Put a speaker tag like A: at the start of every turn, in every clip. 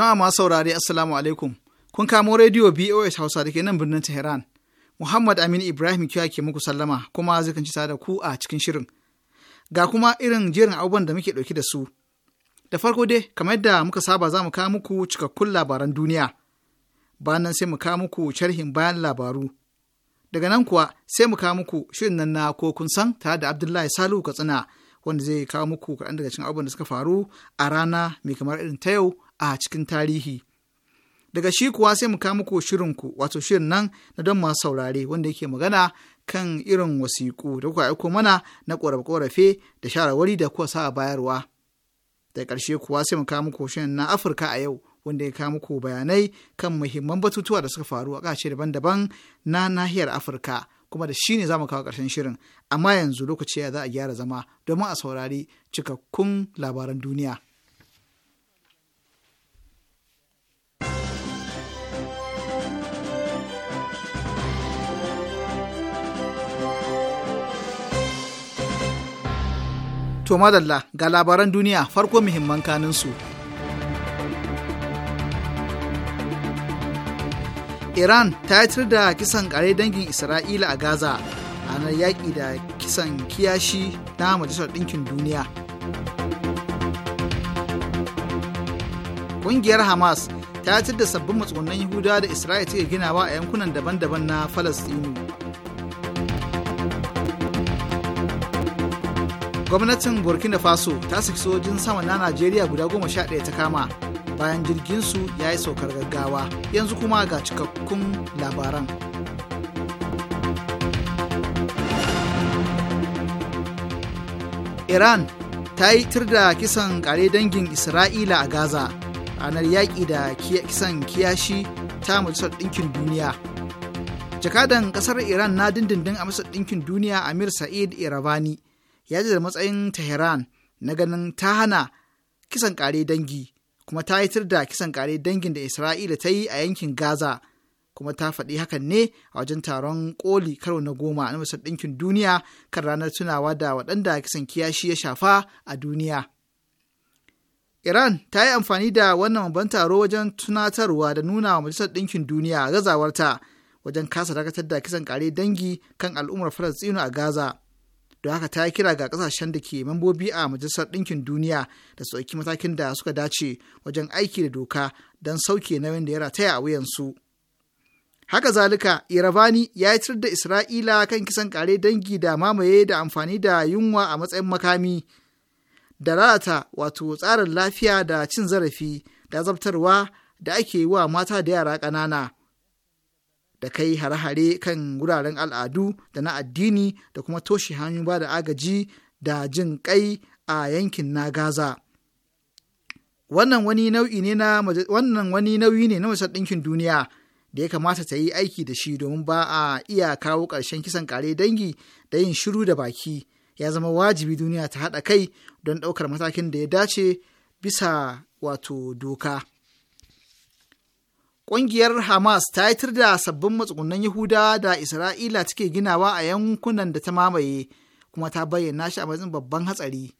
A: Jama'a masu saurari Assalamu alaikum. Kun kamo rediyo BOS Hausa da ke nan birnin Tehran. Muhammad Aminu Ibrahim Kiya ke muku sallama kuma zai ci da ku a cikin shirin. Ga kuma irin jerin abubuwan da muke ɗauki da su. Da farko dai, kamar yadda muka saba za mu kawo muku cikakkun labaran duniya. Bayan nan sai mu kawo muku sharhin bayan labaru. Daga nan kuwa sai mu kawo muku shirin nan na ko kun san tare da Abdullahi Salihu Katsina wanda zai kawo muku kaɗan daga cikin abubuwan da suka faru a rana mai kamar irin ta yau a cikin tarihi daga shi kuwa sai mu kawo muku shirinku wato shirin nan na don masu saurare wanda yake magana kan irin wasiƙu da kuka aiko mana na ƙorafe-ƙorafe da shawarwari da kuka sa bayarwa da ƙarshe kuwa sai mu kawo muku shirin na afirka a yau wanda ya kawo muku bayanai kan muhimman batutuwa da suka faru a ƙasashe daban-daban na nahiyar afirka kuma da shi ne za mu kawo ƙarshen shirin amma yanzu lokaci ya za a gyara zama domin a saurari cikakkun labaran duniya. To madalla ga labaran duniya farko muhimman kaninsu. Iran ta yatar da kisan kare dangin Isra'ila a Gaza a ranar yaƙi da kisan kiyashi na Majalisar Ɗinkin Duniya. Ƙungiyar Hamas ta yatar da sabbin matsugunan Yahudawa da Isra'ila take ginawa a yankunan daban-daban na Falastinu. gwamnatin burkina faso ta saki sojin sama na najeriya guda goma sha ɗaya ta kama bayan jirginsu ya yi saukar gaggawa yanzu kuma ga cikakkun labaran iran ta yi tir da kisan kare dangin isra'ila a gaza ranar yaƙi da kisan kiyashi ta majalisar ɗinkin duniya jakadan ƙasar iran na dindindin a majalisar ɗinkin duniya amir sa'id iravani ya da matsayin Tehran na ganin ta hana kisan kare dangi kuma ta yitar da kisan kare dangin da Isra'ila ta yi a yankin Gaza kuma ta faɗi hakan ne a wajen taron koli karo na goma na Majalisar Ɗinkin Duniya kan ranar tunawa da waɗanda kisan kiyashi ya shafa a duniya. Iran ta yi amfani da wannan babban taro wajen tunatarwa da nuna wa Majalisar Ɗinkin Duniya gazawarta wajen kasa dakatar da kisan kare dangi kan al'ummar Falasɗinu a Gaza. don haka ta kira ga kasashen da ke membobi a majalisar ɗinkin duniya da su ɗauki matakin da suka dace wajen aiki da doka don sauke nauyin da ya rataya a wuyansu. Haka zalika, Iravani ya yi da Isra'ila kan kisan kare dangi da mamaye da amfani da yunwa a matsayin makami, da lalata wato tsarin lafiya da cin zarafi da zabtarwa da ake yi wa mata da yara ƙanana. da kai hare-hare kan wuraren al'adu da na addini da kuma toshe hanyoyin ba da agaji da jin kai a yankin na Gaza. Wannan wani nau'i ne na Majalisar Ɗinkin Duniya da ya kamata ta yi aiki da shi domin ba a iya kawo ƙarshen kisan kare dangi da yin shiru da baki ya zama wajibi duniya ta haɗa kai don ɗaukar matakin da ya dace bisa wato doka. Ƙungiyar Hamas ta yitar da sabbin matsugunan Yahuda da Isra'ila take ginawa a yankunan da ta mamaye, kuma ta bayyana shi a matsayin babban hatsari.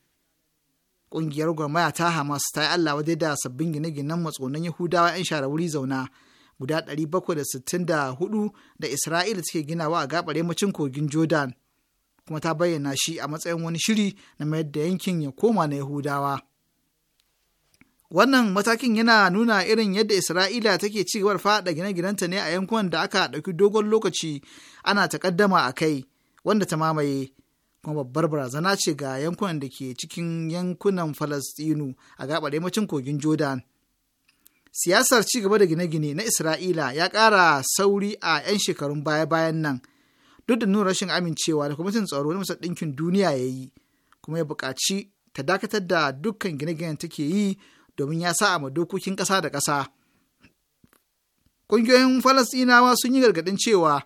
A: Ƙungiyar gwamnati ta Hamas ta yi Allah wadai da sabbin gine-ginen matsugunan Yahudawa 'yan shara wuri zauna guda 764 da Isra'ila take ginawa a gaɓar yammacin kogin Jordan, kuma ta bayyana shi a matsayin wani shiri na mayar da yankin ya koma na Yahudawa. Wannan matakin yana nuna irin yadda Isra'ila take ci fada faɗa gine-ginenta ne a yankunan da aka ɗauki dogon lokaci ana takaddama a kai, wanda ta mamaye. Kuma babbar barazana ce ga yankunan da ke cikin yankunan Falastinu a gaɓar yammacin kogin Jordan. Siyasar ci gaba da gine-gine na Isra'ila ya ƙara sauri a 'yan shekarun baya-bayan nan, duk da nuna rashin amincewa da kwamitin tsaro na Masar Ɗinkin Duniya ya yi, kuma ya buƙaci ta dakatar da dukkan gine-ginen take yi domin ya sa ma dokokin ƙasa da ƙasa. Ƙungiyoyin Falasɗinawa sun yi gargaɗin cewa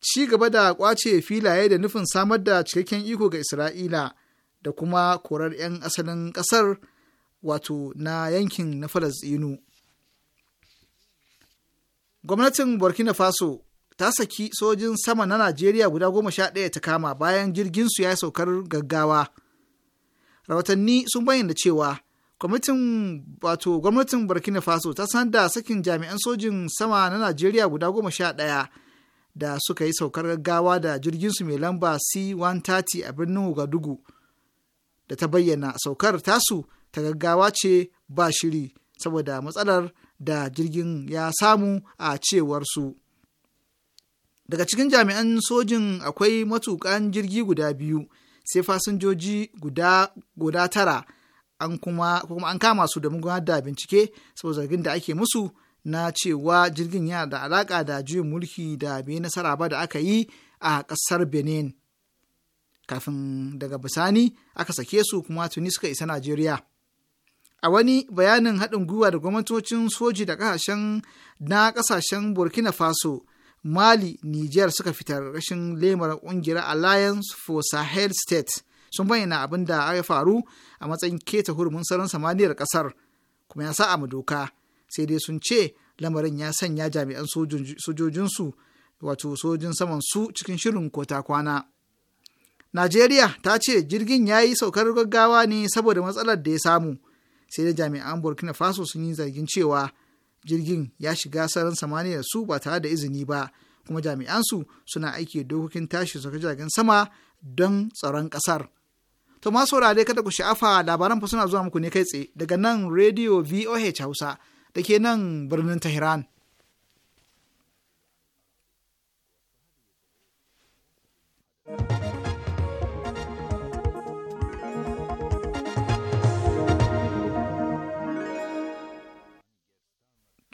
A: ci gaba da ƙwace filaye da nufin samar da cikakken iko ga Isra'ila da kuma korar 'yan asalin ƙasar wato na yankin na Falasɗinu. Gwamnatin Burkina Faso ta saki sojin sama na Najeriya guda goma sha ɗaya ta kama bayan jirgin su ya saukar gaggawa. Rahotanni sun bayyana cewa kwamitin wato gwamnatin burkina faso ta san da sakin jami'an sojin sama na najeriya guda goma sha ɗaya da suka yi saukar gaggawa da jirginsu mai lamba c-130 a birnin ugadugu da ta bayyana saukar tasu ta gaggawa ce ba shiri saboda matsalar da jirgin ya samu a cewar su daga cikin jami'an sojin akwai matukan jirgi guda biyu sai fasinjoji guda tara an kuma kuma an kama su da gudanar da bincike saboda zargin da ake musu na cewa jirgin yana da alaka da juyin mulki da bai nasara ba da aka yi a ƙasar benin kafin daga bisani aka sake su kuma tuni suka isa najeriya a wani bayanin haɗin gwiwa da gwamnatocin soji da ƙasashen na ƙasashen burkina faso mali niger suka fitar rashin lemar ƙungiyar alliance for sahel state sun bayyana abin da ya faru a matsayin keta hurumin sauran samaniyar kasar kuma ya sa a doka sai dai sun ce lamarin ya sanya jami'an sojojinsu wato sojin saman su cikin shirin kota kwana najeriya ta ce jirgin ya yi saukar gaggawa ne saboda matsalar da ya samu sai da jami'an burkina faso sun yi zargin cewa jirgin ya shiga sararin samaniyar su ba tare da izini ba kuma jami'ansu suna aiki dokokin tashi sauka jiragen sama don tsaron kasar. To ma saurare kada ku sha'afa labaran fa suna zuwa muku ne kai tsaye daga nan Radio VOH Hausa da ke nan birnin Tehran.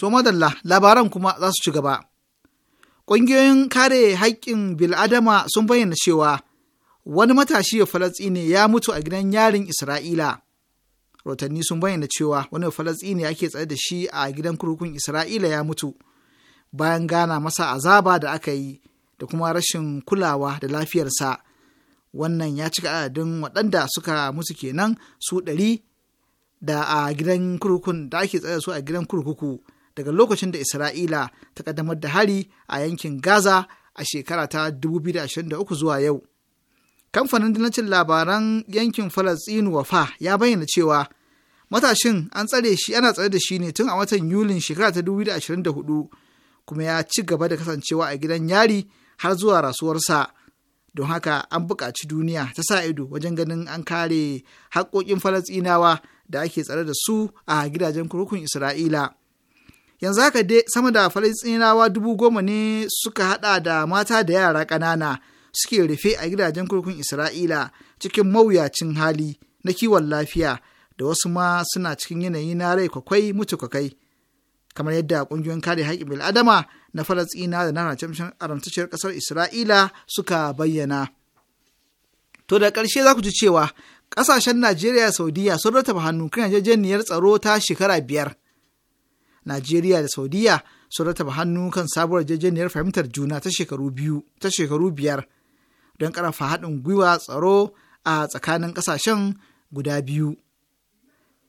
A: To madalla labaran kuma za su ci gaba. Ƙungiyoyin kare haƙƙin bil'adama sun bayyana cewa wani matashi ya Falasɗini ya mutu a gidan yarin Isra'ila. Rotanni sun bayyana cewa wani Falasɗini ake tsaye da shi a gidan kurkukun Isra'ila ya mutu bayan gana masa azaba da aka yi da kuma rashin kulawa da lafiyarsa. Wannan ya cika adadin waɗanda suka mutu kenan su ɗari da a gidan kurkukun da ake tsaye su a gidan kurkuku daga lokacin da Isra'ila ta ƙaddamar da hari a yankin Gaza a shekara ta 2023 zuwa yau. Kamfanin dinacin labaran yankin Falasɗinu Wafa ya bayyana cewa matashin an tsare shi ana tsare da shi ne tun a watan Yulin shekara ta 2024 kuma ya ci gaba da kasancewa a gidan yari har zuwa rasuwarsa. Don haka an buƙaci duniya ta sa ido wajen ganin an kare haƙƙoƙin falastinawa da ake tsare da su a gidajen kurkukun Isra'ila. yanzu haka dai sama da falastinawa dubu goma ne suka haɗa da mata da yara ƙanana suke rufe a gidajen kurkun Isra'ila cikin mawuyacin hali na kiwon lafiya da wasu ma suna cikin yanayi na rai kwakwai mutu kwakwai. Kamar yadda ƙungiyoyin kare haƙƙin bil'adama na Falasɗina da na aramtacciyar ƙasar Isra'ila suka bayyana. To da ƙarshe za ku ji cewa ƙasashen Najeriya Saudiya sun rataba hannu kan yarjejeniyar tsaro ta shekara biyar. Najeriya da Saudiyya sun rataba hannu kan sabuwar yarjejeniyar fahimtar juna ta shekaru biyu ta shekaru biyar don ƙarafa haɗin gwiwa tsaro a tsakanin ƙasashen guda biyu.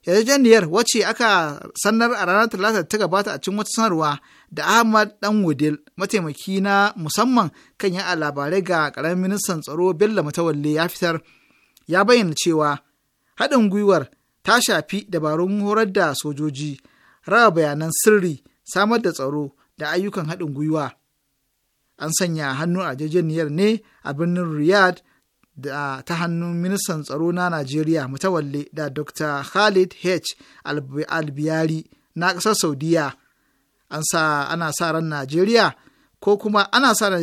A: yarjejeniyar wacce aka sanar a ranar talata ta gabata a cikin wata sanarwa da ahmad dan wudil mataimaki na musamman kan yi labarai ga karamin ministan tsaro bello matawalle ya fitar ya bayyana cewa haɗin gwiwar ta shafi dabarun horar da sojoji raba bayanan sirri samar da tsaro da ayyukan haɗin gwiwa an sanya hannu a ne a birnin riyadh da ta hannun ministan tsaro na najeriya mutawalle da dr khalid h albiyari na ƙasar saudiya an sa ana sa ran najeriya ko kuma ana sa ran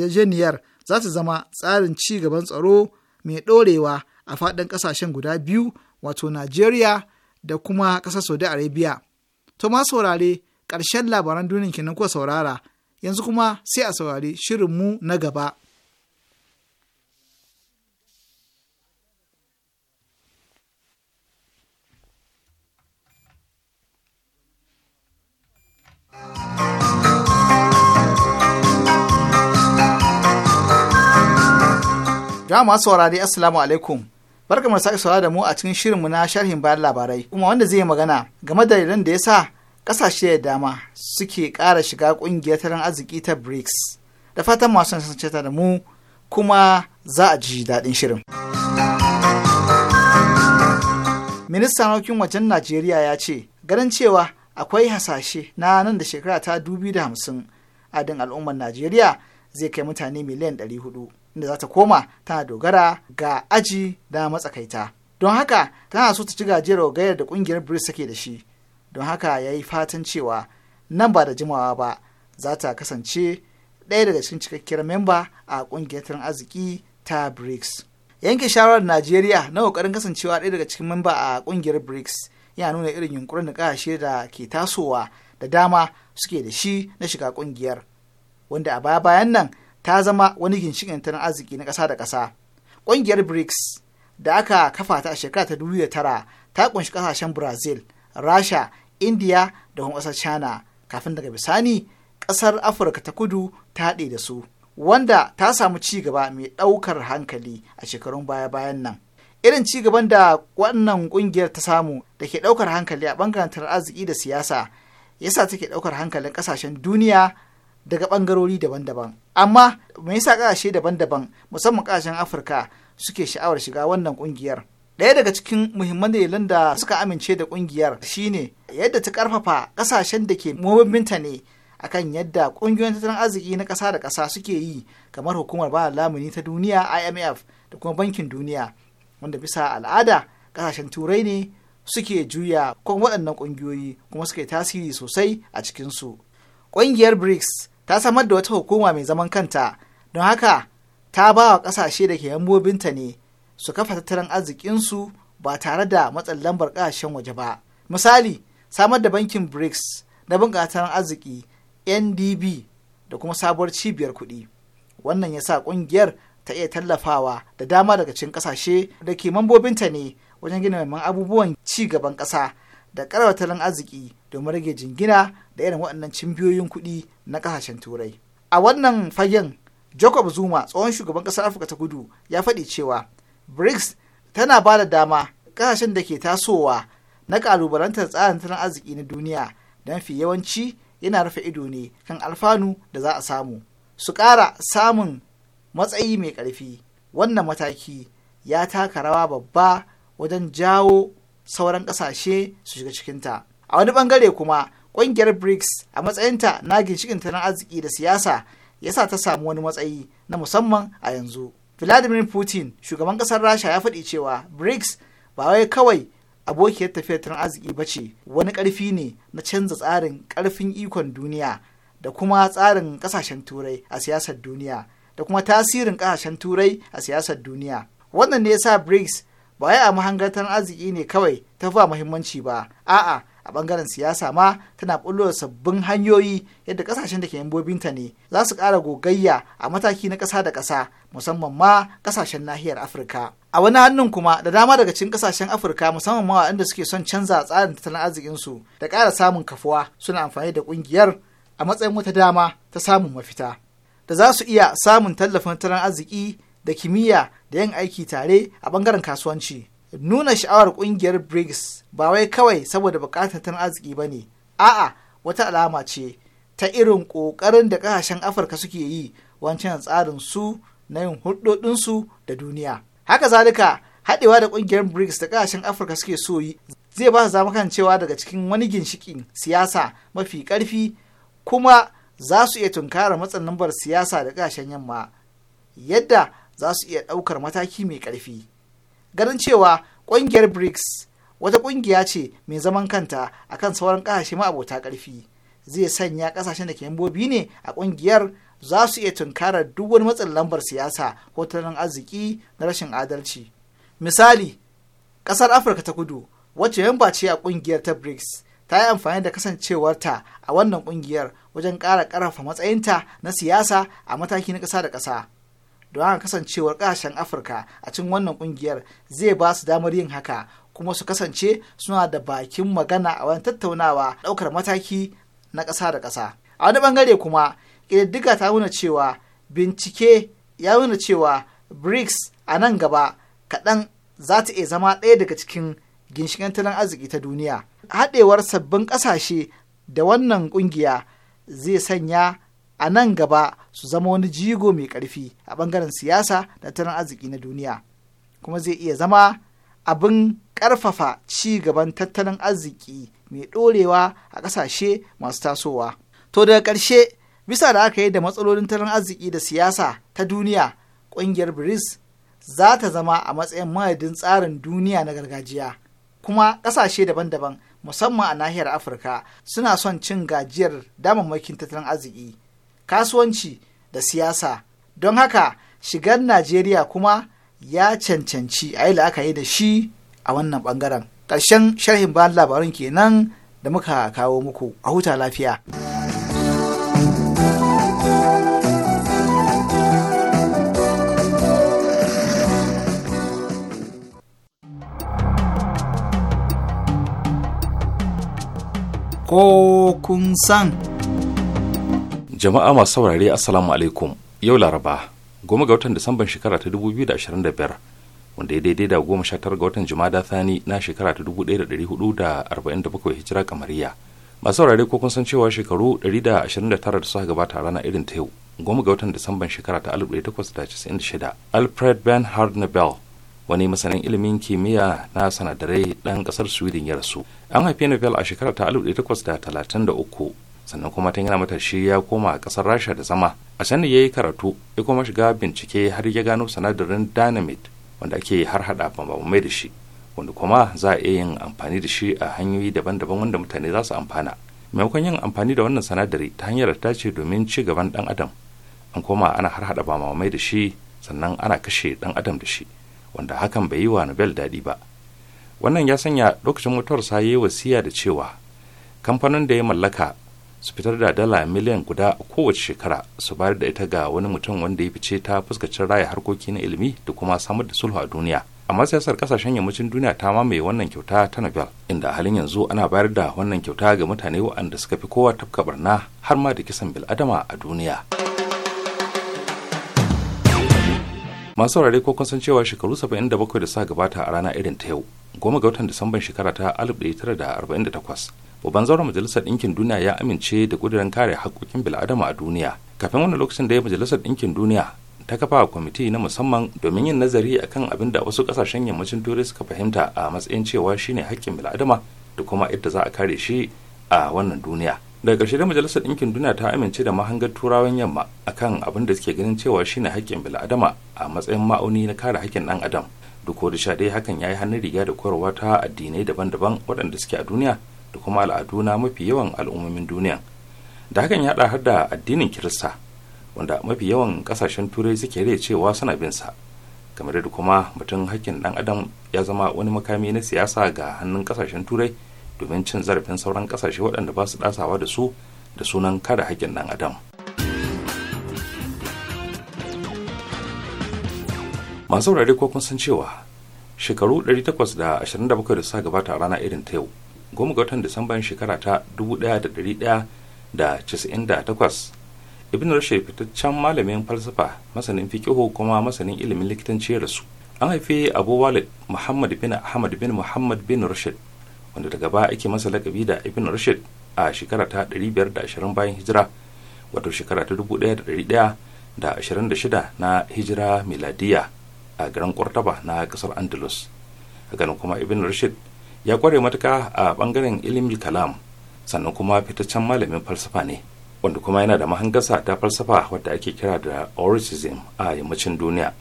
A: za ta zama tsarin ci gaban tsaro mai ɗorewa a faɗin ƙasashen guda biyu wato najeriya da kuma ƙasar saudi arabia to ma saurare ƙarshen labaran duniya kenan ko saurara yanzu kuma sai a saurari shirinmu na gaba. Ga masu saurari Assalamu alaikum. Barka mu sake saurara da mu a cikin shirinmu na sharhin bayan labarai, kuma wanda zai yi magana game da dalilan da ya sa kasashe da dama suke ƙara shiga ƙungiyar tattalin arziki ta BRICS. Da fatan masu sun da mu kuma za a ji daɗin shirin. Ministan harkokin wajen Najeriya ya ce, ganin cewa akwai hasashe na nan da shekara ta hamsin adin al'ummar Najeriya zai kai mutane miliyan 400 inda za ta koma tana dogara ga aji da matsakaita. Don haka tana so ta ci gajiyar gayar da ƙungiyar BRICS take da shi don haka ya yi fatan cewa nan ba da jimawa ba za ta kasance ɗaya daga cikin cikakkiyar memba a ƙungiyar tattalin arziki ta brics yanke shawarar najeriya na ƙoƙarin kasancewa ɗaya daga cikin memba a ƙungiyar brics yana nuna irin yunkurin da ƙasashe da ke tasowa da dama suke da shi na shiga ƙungiyar wanda a baya bayan nan ta zama wani ginshiƙin tattalin arziki na ƙasa da ƙasa ƙungiyar brics da aka kafa ta a shekara ta 2009 ta ƙunshi ƙasashen brazil rasha indiya da kuma ƙasar china kafin daga bisani ƙasar afirka ta kudu ta haɗe da su wanda ta samu ci gaba mai ɗaukar hankali a shekarun baya-bayan nan irin ci gaban da wannan ƙungiyar ta samu da ke ɗaukar hankali a ɓangaren tattalin arziki da siyasa yasa take ɗaukar hankalin ƙasashen duniya daga ɓangarori daban-daban amma me yasa ƙasashe daban-daban musamman ƙasashen afirka suke sha'awar shiga wannan ƙungiyar Ɗaya daga cikin muhimman dalilan da suka amince da ƙungiyar shine yadda ta ƙarfafa ƙasashen da ke mabambinta ne akan yadda ƙungiyoyin tattalin arziki na ƙasa da ƙasa suke yi kamar hukumar ba lamuni ta duniya IMF da kuma bankin duniya wanda bisa al'ada ƙasashen turai ne suke juya kuma waɗannan ƙungiyoyi kuma suke tasiri sosai a cikinsu. Ƙungiyar BRICS ta samar da wata hukuma mai zaman kanta don haka ta ba wa ƙasashe da ke yambobinta ne su kafa tattalin arzikinsu ba tare da matsalar lambar ƙasashen waje ba misali samar da bankin brics na bunƙasa arziki ndb da kuma sabuwar cibiyar kuɗi wannan ya sa ƙungiyar ta iya tallafawa da dama daga cikin ƙasashe da ke mambobinta ne wajen gina mamman abubuwan ci gaban ƙasa da ƙarar tattalin arziki domin rage jingina da irin waɗannan cimbiyoyin kuɗi na ƙasashen turai a wannan fagen jacob zuma tsohon shugaban ƙasar afirka ta kudu ya faɗi cewa brics tana ba da dama ƙasashen da ke tasowa na ƙalubalantar tsarin tattalin arziki na duniya don fi yawanci yana rufe ido ne kan alfanu da za a samu su ƙara samun matsayi mai ƙarfi wannan mataki ya taka rawa babba wajen jawo sauran ƙasashe su shiga cikinta a wani ɓangare kuma ƙungiyar brics a matsayinta na ginshikin tattalin arziki da siyasa ya sa ta samu wani matsayi na musamman a yanzu vladimir putin shugaban ƙasar rasha ya faɗi cewa brics ba wai kawai abokiyar tafiyar tattalin arziki ba ce wani ƙarfi ne na canza tsarin ƙarfin ikon duniya da kuma tsarin ƙasashen turai a siyasar duniya da kuma tasirin ƙasashen turai a siyasar duniya wannan ne ya sa brics ba wai a mahangar arziki ne kawai ta fa muhimmanci ba a'a a bangaren siyasa ma tana bullo sabbin hanyoyi yadda kasashen da ke membobinta ne za su ƙara gogayya a mataki na ƙasa da ƙasa musamman ma ƙasashen nahiyar afirka a wani hannun kuma da dama daga cikin ƙasashen afirka musamman ma waɗanda suke son canza tsarin tattalin arzikinsu da ƙara samun kafuwa suna amfani da ƙungiyar a matsayin wata dama ta samun mafita da za su iya samun tallafin tattalin arziki da kimiyya da yin aiki tare a bangaren kasuwanci nuna sha'awar ƙungiyar brics ba wai kawai saboda bukatar tan arziki ba ne a'a wata alama ce ta irin ƙoƙarin da ƙasashen afirka suke yi wancan tsarin su na yin hulɗoɗinsu da duniya haka zalika haɗewa da ƙungiyar brics da ƙasashen afirka suke so yi zai ba su zama kan cewa daga cikin wani ginshikin siyasa mafi ƙarfi kuma za su iya tunkara matsin lambar siyasa da ƙasashen yamma yadda za su iya ɗaukar mataki mai ƙarfi ganin cewa ƙungiyar brics wata ƙungiya ce mai zaman kanta a kan sauran ƙasashe ma'abota ƙarfi zai sanya ƙasashen da ke membobi ne a ƙungiyar za su iya tunkarar duk wani matsin lambar siyasa ko tattalin arziki na rashin adalci misali ƙasar afirka ta kudu wacce yamba ce a ƙungiyar ta brics ta yi amfani da kasancewarta a wannan ƙungiyar wajen ƙara ƙarfafa matsayinta na siyasa a mataki na ƙasa da ƙasa don haka kasancewar kasashen afirka a cikin wannan kungiyar zai ba su damar yin haka kuma su kasance suna da bakin magana a wani tattaunawa ɗaukar mataki na ƙasa da ƙasa a wani bangare kuma ƙididdiga ta nuna cewa bincike ya nuna cewa brics a nan gaba kaɗan za ta iya zama ɗaya daga cikin ginshiƙin tattalin arziki ta duniya haɗewar sabbin ƙasashe da wannan ƙungiya zai sanya a nan gaba su zama wani jigo mai ƙarfi a ɓangaren siyasa da tattalin arziki na duniya kuma zai iya zama abin ƙarfafa ci gaban tattalin arziki mai ɗorewa a ƙasashe masu tasowa to daga ƙarshe bisa da aka yi da matsalolin tattalin arziki da siyasa ta duniya ƙungiyar brics za ta zama a matsayin madadin tsarin duniya na gargajiya kuma ƙasashe daban-daban musamman a nahiyar afirka suna son cin gajiyar damammakin tattalin arziki kasuwanci da siyasa don haka shigar najeriya kuma ya cancanci a yi la'akari da shi a wannan bangaren ƙarshen sharhin bayan labarin kenan da muka kawo muku a huta lafiya. Ko kun san.
B: jama'a masu saurare assalamu alaikum yau laraba goma ga watan disamban shekara ta 2025 wanda ya daidai da goma sha tara ga watan jumada thani na shekara ta 1447 hijira kamariya masu saurare ko kun san cewa shekaru 129 da suka gabata a rana irin ta yau goma ga watan disamban shekara ta 1896 alfred bernhard nobel wani masanin ilimin kimiyya na sanadarai ɗan kasar sweden ya rasu an haife nobel a shekara ta 1833 sannan kuma tun yana matashi ya koma kasar rasha da zama a sani ya yi karatu ya kuma shiga bincike har ya gano sanadarin dynamite wanda ake har hada mai da shi wanda kuma za a iya yin amfani da shi a hanyoyi daban-daban wanda mutane za su amfana maimakon yin amfani da wannan sanadari ta hanyar ta ce domin ci gaban dan adam an koma ana har hada mai da shi sannan ana kashe dan adam da shi wanda hakan bai yi wa nobel daɗi ba wannan ya sanya lokacin mutuwarsa ya yi wasiya da cewa kamfanin da ya mallaka su fitar da dala miliyan guda kowace shekara su bayar da ita ga wani mutum wanda ya fice ta fuskacin raya harkoki na ilimi da kuma samar da sulhu a duniya amma siyasar kasashen yammacin duniya ta mamaye wannan kyauta ta nobel inda a halin yanzu ana bayar da wannan kyauta ga mutane waɗanda suka fi kowa tafka barna har ma da kisan bil'adama a duniya masu saurare ko kun san cewa shekaru 77 da suka gabata a rana irin ta yau goma ga watan disamban shekara ta 1948 babban zauren majalisar ɗinkin duniya ya amince da ƙudurin kare haƙƙoƙin bil'adama a duniya kafin wani lokacin da ya majalisar ɗinkin duniya ta kafa kwamiti na musamman domin yin nazari akan abin da wasu ƙasashen yammacin turai suka fahimta a matsayin cewa shine haƙƙin bil'adama da kuma yadda za a kare shi a wannan duniya daga ƙarshe da majalisar ɗinkin duniya ta amince da mahangar turawan yamma akan abin da suke ganin cewa shine haƙƙin bil'adama a matsayin ma'auni na kare haƙƙin ɗan adam duk da sha dai hakan ya yi hannun riga da koyarwa ta addinai daban-daban waɗanda suke a duniya da kuma al'adu na mafi yawan al'ummomin duniya da hakan ya har da addinin kirista wanda mafi yawan kasashen turai suke rai cewa suna bin sa kamar da kuma mutum hakkin dan adam ya zama wani makami na siyasa ga hannun kasashen turai domin cin zarafin sauran kasashe waɗanda ba su ɗasawa da su da sunan kada hakkin dan adam masu wurare ko kun san cewa shekaru 827 da suka gabata a rana irin ta yau goma ga watan disamban shekara ta takwas ibn rashid fitaccen malamin falsafa masanin fikihu kuma masanin ilimin likitanci ya rasu an haife abu walid muhammad bin ahmad bin muhammad bin rashid wanda daga baya ake masa lakabi da ibn rashid. a shekara ta 520 bayan hijira wato shekara ta 1126 na hijira miladiya a garin kwartaba na kasar Andalus. Hakanan kuma Ibn Rashid ya kware matuka a bangaren ilimin kalam sannan kuma fitaccen malamin falsafa ne wanda kuma yana da mahangasa ta falsafa wadda ake kira da orishism a yammacin duniya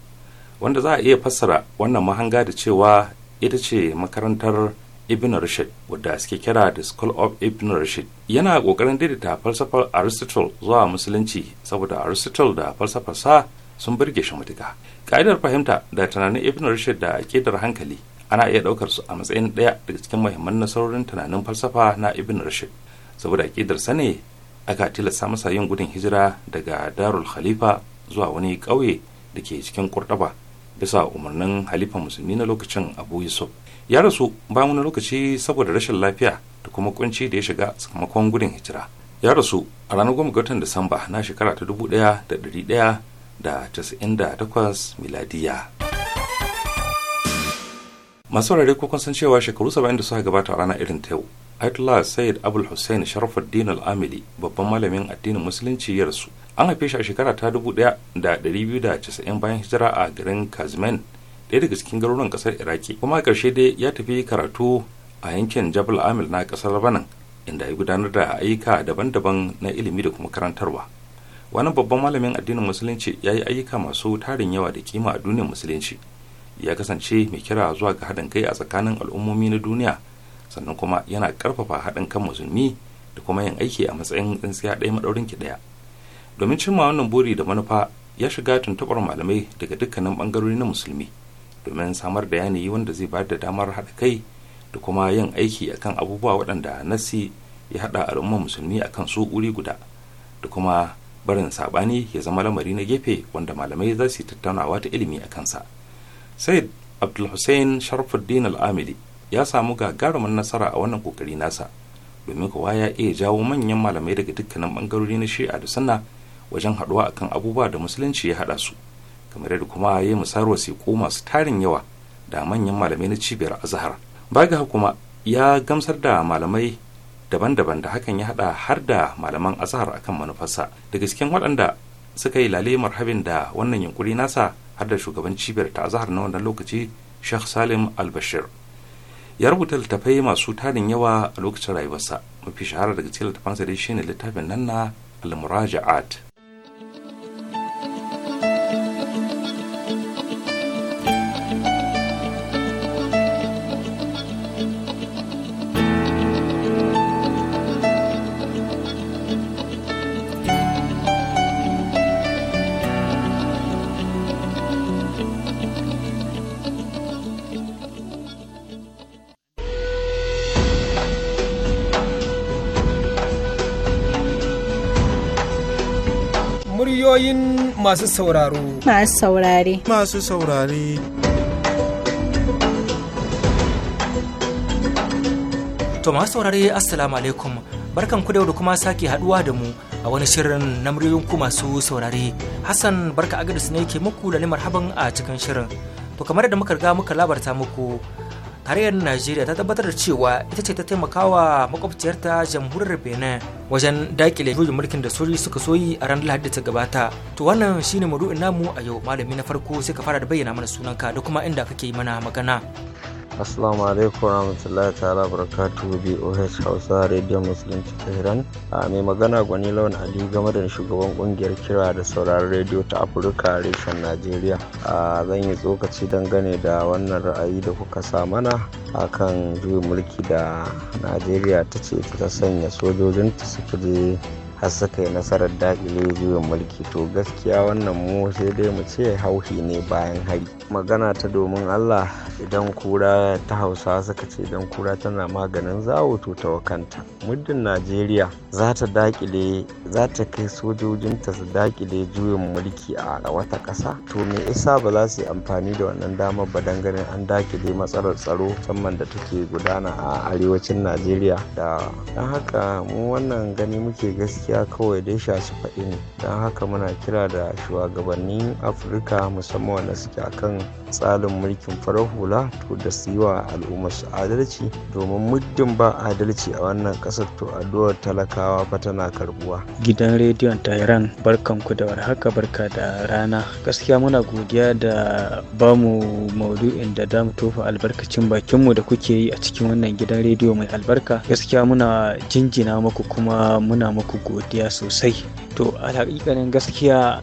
B: wanda za a iya fassara wannan mahanga da cewa ita ce makarantar ibn rashid wadda suke kira da school of ibn rashid yana kokarin daidaita falsafar aristotle zuwa musulunci saboda aristotle da falsafarsa sun birge shi matuka ka'idar fahimta da tunanin ibn rashid da akidar hankali ana iya ɗaukar su a matsayin ɗaya daga cikin muhimman nasarorin tunanin falsafa na ibn rashid saboda aƙidar sa ne aka tilasta masa yin gudun hijira daga darul khalifa zuwa wani ƙauye da ke cikin kurɗaba bisa umarnin halifa musulmi na lokacin abu yusuf ya rasu bayan wani lokaci saboda rashin lafiya da kuma kunci da ya shiga sakamakon gudun hijira ya rasu a ranar goma ga watan disamba na shekara ta dubu ɗaya da ɗari ɗaya da casa'in da takwas miladiya. masu wurare ko kun san cewa shekaru 70 da suka gabata a ranar irin ta yau Ayatollah Sayyid Abul Hussein Sharafuddin amili babban malamin addinin musulunci ya rasu an haife shi a shekara ta 1290 bayan hijira a garin Kazmen ɗaya daga cikin garuruwan ƙasar Iraki kuma a ƙarshe dai ya tafi karatu a yankin Jabal Amil na ƙasar Lebanon inda ya gudanar da ayyuka daban-daban na ilimi da kuma karantarwa wani babban malamin addinin musulunci ya yi ayyuka masu tarin yawa da kima a duniyar musulunci ya kasance mai kira zuwa ga haɗin kai a tsakanin al'ummomi na duniya sannan kuma yana ƙarfafa haɗin kan musulmi da kuma yin aiki a matsayin tsintsiya ɗaya maɗaurin ki ɗaya domin cimma wannan buri da manufa ya shiga tuntuɓar malamai daga dukkanin ɓangarori na musulmi domin samar da yanayi wanda zai ba da damar haɗa kai da kuma yin aiki akan abubuwa waɗanda nasi ya haɗa al'ummar musulmi akan su wuri guda da kuma barin saɓani ya zama lamari na gefe wanda malamai za su yi tattaunawa ta ilimi a kansa. said abdulhussein sharfuddin Al'amili ya samu gagarumin nasara a wannan kokari nasa domin kowa ya iya jawo manyan malamai daga dukkanin bangarori na shi'a da sunna wajen haɗuwa akan abubuwa da musulunci ya haɗa su kamar yadda kuma ya yi musar wasiƙu masu tarin yawa da manyan malamai na cibiyar azhar baga kuma ya gamsar da malamai daban-daban da hakan ya haɗa har da malaman azhar akan manufarsa daga cikin waɗanda suka yi lale marhabin da wannan yunkuri nasa har da shugaban cibiyar ta azahar na wannan lokaci Sheikh Salim Al-Bashir. Ya rubuta littafai masu tarin yawa a lokacin rayuwarsa. Mafi shahara daga cikin littafansa dai shine littafin nan na Al-Muraja'at.
C: masu
D: sauraro.
E: Masu saurare. Masu saurare.
D: To masu saurare Assalamu alaikum. Barkan ku da yau da kuma sake haduwa da mu a wani shirin na ku masu saurare. Hassan barka agadis ne ke muku da ni haban a cikin shirin. To kamar da muka riga muka labarta muku tarayyar najeriya ta tabbatar da cewa ita ce ta taimakawa makwabciyarta jamhuriyar benin wajen dakile juyin mulkin da sojoji suka soyi a ranar lahadi ta gabata to wannan shine maudu'in namu a yau malami na farko sai ka fara da bayyana mana sunanka da kuma inda kake yi mana magana
F: Assalamu alaikum warahmatullahi ta'ala bi BOH Hausa Radio Musulunci Tehran. A mai magana gwani lawan Ali game da shugaban kungiyar kira da sauraron rediyo ta Afirka reshen Najeriya. A zan yi tsokaci dangane da wannan ra'ayi da kuka sa mana akan juyin mulki da Najeriya ta ce ta sanya sojojinta ta je har suka yi nasarar daƙile juyin mulki to gaskiya wannan mu sai dai mu ce hauhi ne bayan hari magana ta domin allah idan kura ta hausa suka ce idan kura tana maganin zawo to ta wakanta muddin najeriya za ta dakile za ta kai sojojinta su daƙile juyin mulki a wata ƙasa to me isa ba za su yi amfani da wannan damar ba dan ganin an dakile matsalar tsaro musamman da take gudana a arewacin najeriya da don haka mu wannan gani muke gaskiya gaskiya kawai dai sha su faɗi ne don haka muna kira da shugabannin afirka musamman wanda suke akan tsarin mulkin farar hula to da su yi wa al'ummar su adalci domin muddin ba adalci a wannan kasar to addu'ar
G: talakawa fa tana karbuwa. Gidan rediyon Tehran barkan ku da warhaka barka da rana gaskiya muna godiya da bamu maudu'in da damu tofa albarkacin bakin mu da kuke yi a cikin wannan gidan rediyo mai albarka gaskiya muna jinjina muku kuma muna muku godiya sosai to a gaskiya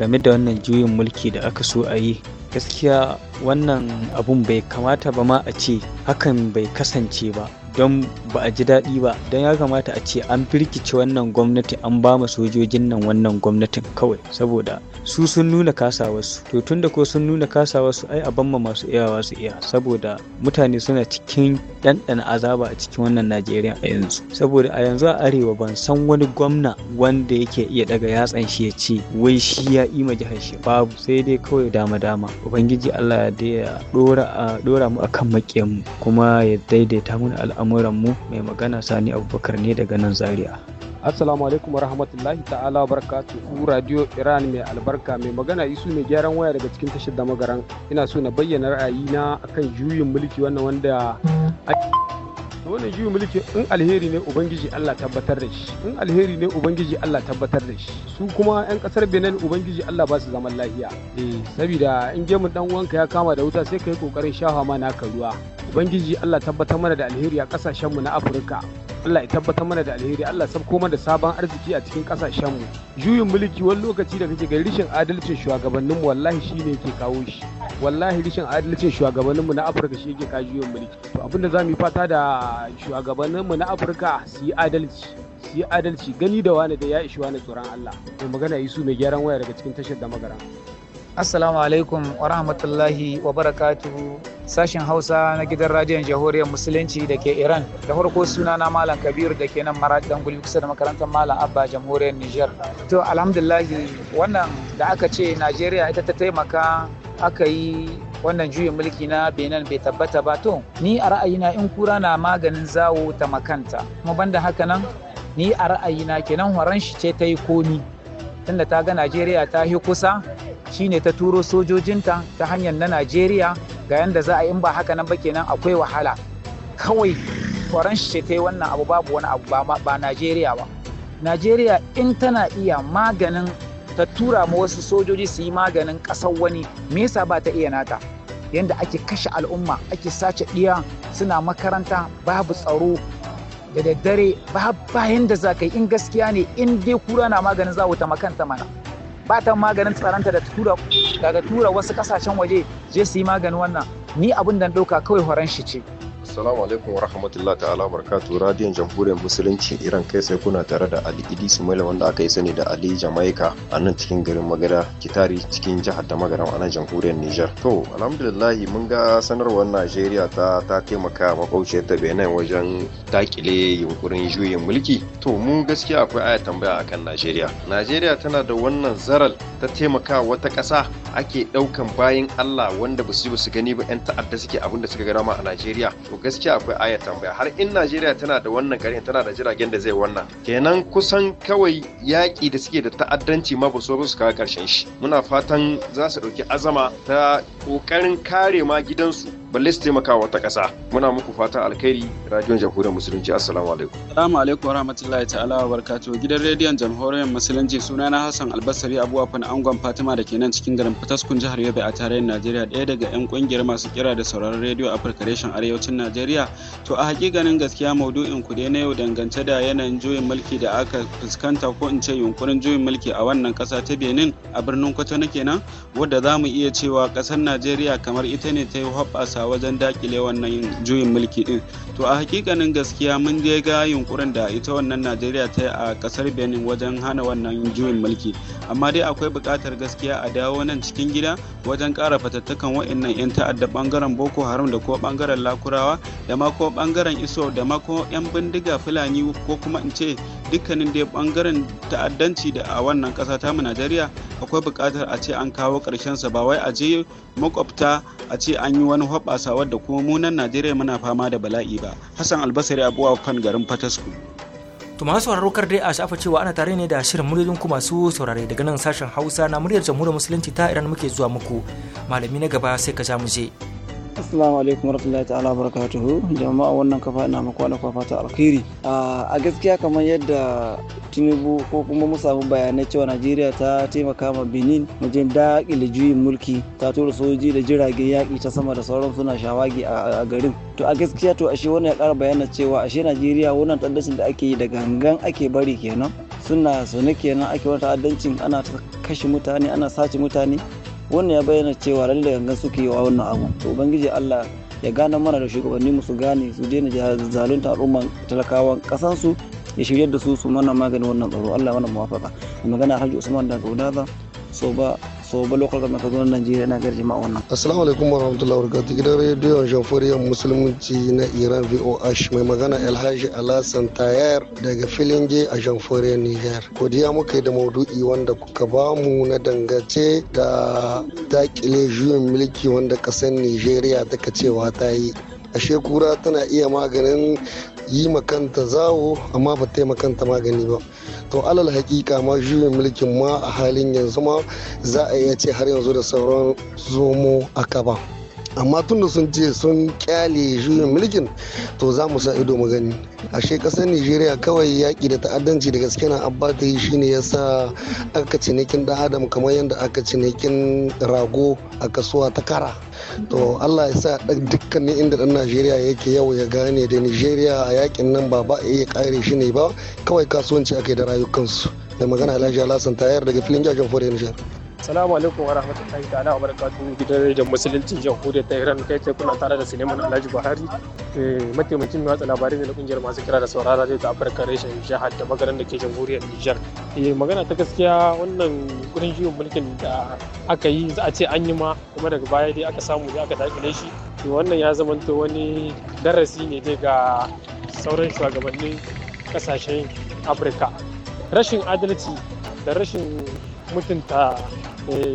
G: game da wannan juyin mulki da aka so a yi gaskiya wannan abun bai kamata ba ma a ce hakan bai kasance ba don ba a ji daɗi ba don ya kamata a ce an firkice wannan gwamnati an ba ma sojojin nan wannan gwamnatin kawai saboda su sun nuna kasawarsu to tun da ko sun nuna kasawarsu ai a banma masu iyawa su iya saboda mutane suna cikin ɗanɗana azaba a cikin wannan najeriya a yanzu saboda a yanzu a arewa ban san wani gwamna wanda yake iya daga yatsan shi ya ce wai shi ya ima jihar shi babu sai dai kawai dama dama ubangiji allah ya ɗora dora a dora mu akan makiyan mu kuma ya daidaita mana al'amuran mu mai magana sani abubakar ne daga nan zaria
C: Assalamu alaikum wa rahmatullahi ta'ala barakatuhu Radio Iran mai albarka mai magana isu mai gyaran waya daga cikin tashar da magaran ina so na bayyana ra'ayina akan juyin mulki wannan wanda wannan juyin mulki in alheri ne ubangiji Allah tabbatar da shi in alheri ne ubangiji Allah tabbatar da shi su kuma yan kasar Benin ubangiji Allah ba su zaman lafiya eh saboda in mu dan uwanka ya kama da wuta sai kai kokarin shafa ma naka ruwa ubangiji Allah tabbatar mana da alheri a kasashen mu na Afirka Allah ya tabbatar mana da alheri Allah ya sabko mana da sabon arziki a cikin kasashen mu juyin mulki wani lokaci da kake gari rishin adalcin shugabanninmu wallahi shine yake kawo shi wallahi rishin adalcin shugabanninmu na Afirka shi yake kawo juyin mulki to abin za mu yi fata da shugabanninmu na Afirka su yi adalci su yi adalci gani da wani da ya ishi wani tsoron Allah mai magana yi su mai gyaran waya daga cikin tashar da magara Assalamu alaikum wa rahmatullahi wa barakatu sashen Hausa na gidan radiyon jahoriyar Musulunci da ke Iran. Da farko suna na Malam Kabiru da ke nan maraɗin gulbi kusa da makarantar Malam Abba Jamhuriyar Nijar. To alhamdulillahi wannan da aka ce Najeriya ita ta taimaka aka yi wannan juyin mulki na Benin bai tabbata ba to ni a ra'ayina in kura na maganin zawo ta makanta. Kuma banda haka nan ni a ra'ayina kenan horon shi ce ta yi komi tunda ta ga Najeriya ta yi kusa shine ta turo sojojinta ta hanyar na najeriya ga yadda za a in ba haka nan ba kenan akwai wahala kawai faransh shi ta yi wannan abu babu wani abu ba najeriya ba najeriya in tana iya maganin ta tura ma wasu sojoji su yi maganin ƙasar wani me yasa ba ta iya nata yanda ake kashe al'umma ake sace ɗiya suna makaranta babu tsaro da daddare ba bayan da za ka yi in gaskiya ne in dai kura na maganin za ta makanta mana ba maganin tsaranta da tura daga tura wasu kasashen waje je su yi maganin wannan ni abin da ɗauka kawai
H: horon shi ce Assalamu alaikum wa rahmatullahi ta'ala barkatu radiyon jamhuriyar musulunci Iran kai sai kuna tare da Ali Idris wanda aka yi sani da Ali Jamaica a nan cikin garin Magara Kitari cikin jihar da magara a nan jamhuriyar Nijar. To alhamdulillah mun ga sanarwar Najeriya ta ta taimaka makwauciyar ta Benin wajen dakile yunkurin juyin mulki. To mu gaskiya akwai aya tambaya akan Najeriya. Najeriya tana da wannan zaral ta taimaka wata ƙasa ake ɗaukan bayan Allah wanda ba su ji ba su gani ba 'yan ta'adda suke abinda suka gana ma a Najeriya. gaskiya akwai aya tambaya har in Najeriya tana da wannan garin tana da jiragen da zai wannan kenan kusan kawai yaƙi da suke da ta'addanci ma ba so su kawo karshen shi muna fatan za su ɗauki azama ta ƙoƙarin kare ma gidansu balle su taimaka wata ƙasa muna muku fatan alkhairi radiyon jamhuriyar musulunci assalamu alaikum assalamu alaikum warahmatullahi
I: ta'ala wa barakatuh gidan rediyon jamhuriyar musulunci na hassan albasari abubakar angon fatima da ke nan cikin garin fataskun jihar yobe a tarayyar najeriya ɗaya daga yan ƙungiyar masu kira da sauraron rediyo a reshen arewacin najeriya to a hakikanin gaskiya maudu'in ku dai na yau dangance da yanayin juyin mulki da aka fuskanta ko in ce yunkurin juyin mulki a wannan ƙasa ta benin a birnin na kenan wadda za mu iya cewa ƙasar najeriya kamar ita ne ta yi hoɓɓasa ƙasa wajen dakile wannan juyin mulki din to a hakikanin gaskiya mun je ga yunkurin da ita wannan najeriya ta yi a kasar benin wajen hana wannan juyin mulki amma dai akwai buƙatar gaskiya a dawo nan cikin gida wajen ƙara fatattakan wa'annan 'yan ta'adda ɓangaren boko haram da ko ɓangaren lakurawa da ma ko ɓangaren iso da ma ko 'yan bindiga fulani ko kuma in ce dukkanin dai ɓangaren ta'addanci da a wannan ƙasa mu najeriya akwai buƙatar a ce an kawo sa ba wai a je makwabta a ce an yi wani bunƙasa wadda kuma mu nan Najeriya muna fama da bala'i ba. Hassan Albasari Abuwa fan garin Fatasku.
D: To masu sauraro kar dai a shafa cewa ana tare ne da shirin muryoyin ku masu saurare daga nan sashen Hausa na muryar Jamhuriyar Musulunci ta Iran muke zuwa muku. Malami na gaba sai ka ja mu je.
G: Assalamu alaikum warahmatullahi ta'ala barakatuhu jama'a wannan kafa ina muku da kwafa ta alkhairi a gaskiya kamar yadda tinubu ko kuma mu samu bayanai cewa najeriya ta taimaka ma benin wajen daƙile juyin mulki ta tura sojoji da jiragen yaƙi ta sama da sauran suna shawagi a garin to a gaskiya to ashe wannan ya ƙara bayana cewa ashe najeriya wannan ta'addancin da ake yi da gangan ake bari kenan suna sone kenan ake wani ta'addancin ana kashe mutane ana sace mutane wannan ya bayyana cewa lalle gangan suke yi wa wannan abu to ubangiji Allah ya gane mana da shugabanni mu su gane su daina zalunta al'umman talakawan kasansu ya shiryar da su su mana magani wannan tsaro Allah mana muwafaka magana Alhaji Usman da Udaza so ba
J: so ba local government nan najeriya na garji ma wannan assalamu alaikum warahmatullahi wabarakatuh gidan rediyon jamhuriyar musulunci na iran voh mai magana alhaji alasan tayar daga filin a jamhuriyar niger godiya muka yi da maudu'i wanda kuka mu na dangace da dakile juyin mulki wanda kasar nigeria take cewa ta yi ashe kura tana iya maganin yi makanta zawo amma ba ta makanta magani ba to alal hakika ma juyin mulkin ma a halin yanzu ma za a iya ce har yanzu da sauran zomo a kaba. amma tun da sun ce sun kyale juyin mulkin to za mu sa ido mu gani ashe kasar nigeria kawai yaƙi da ta'addanci da gaske na abata yi shine ya sa aka cinikin dan adam kamar yadda aka cinikin rago a kasuwa ta kara to allah ya sa dukkanin inda dan nigeria yake yau ya gane da nigeria a yakin nan ba ba a iya kare shi ne ba kawai kasuwanci aka yi da rayukansu da magana alhaji alhassan tayar daga filin jajen fure nijar
K: Assalamu alaikum wa rahmatullahi ta'ala wa barakatu gidan rediyon musulunci jamhuriyar ta Iran kai ce kuna tare da Suleiman Alhaji Buhari eh, mataimakin watsa labarai ne na kungiyar masu kira da saurara zai ta Afirka reshen jihar da magaran da ke jamhuriyar Nijar. Eh, magana ta gaskiya wannan gurin jiwon mulkin da aka yi za a ce an yi ma kuma daga baya dai aka samu dai aka dakile shi wannan ya zamanto wani darasi ne dai ga sauran shugabannin kasashen Afirka. Rashin adalci da rashin mutunta Eh,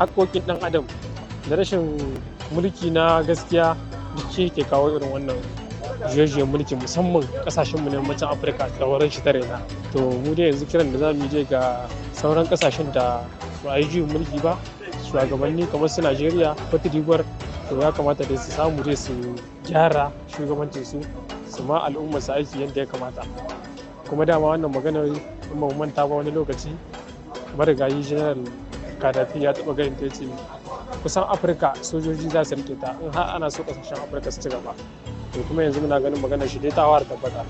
K: hakkokin ɗan adam da rashin mulki na gaskiya duk shi ke kawo irin wannan juyajiyar mulki musamman mu na yammacin afirka da wurin shi tare na to mu dai yanzu kiran da za mu je ga sauran kasashen da ba a yi juyin mulki ba shugabanni kamar su najeriya wata diguwar to ya kamata da su samu dai su gyara shugabancin su su ma al'ummar su aiki yadda ya kamata kuma dama wannan maganar in ba manta ba wani lokaci marigayi general kadafi ya taɓa gayin ta ne kusan afirka sojoji za su rike ta in har ana so kasashen afirka su ci gaba to kuma yanzu muna ganin magana shi dai ta tabbata.